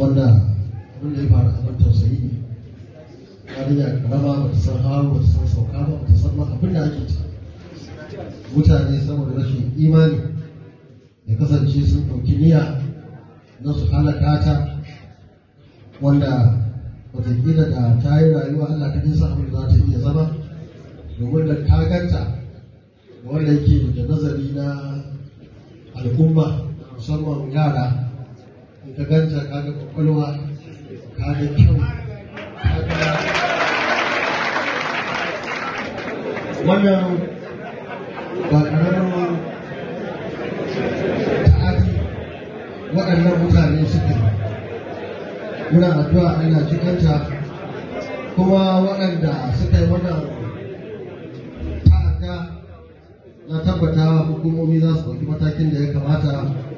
wanda abin da ya faru abin tausayi ne yarinya karama ba ta san hawa ba ta san sauka ba ta san ma abin da ake ci mutane saboda rashin imani ya kasance sun ɗauki niyya na su halaka ta wanda watakila da ta yi rayuwa Allah ta sa abin da za ta iya zama domin da ta ganta wanda yake da nazari na al'umma musamman yara ka ganta ka ga kwakwalwa ka ga kyau wannan ba ƙaramin ta'adi waɗannan mutane suka muna addu'a ana cikanta kuma waɗanda suka yi wannan ta'adda na tabbata hukumomi za su ɗauki matakin da ya kamata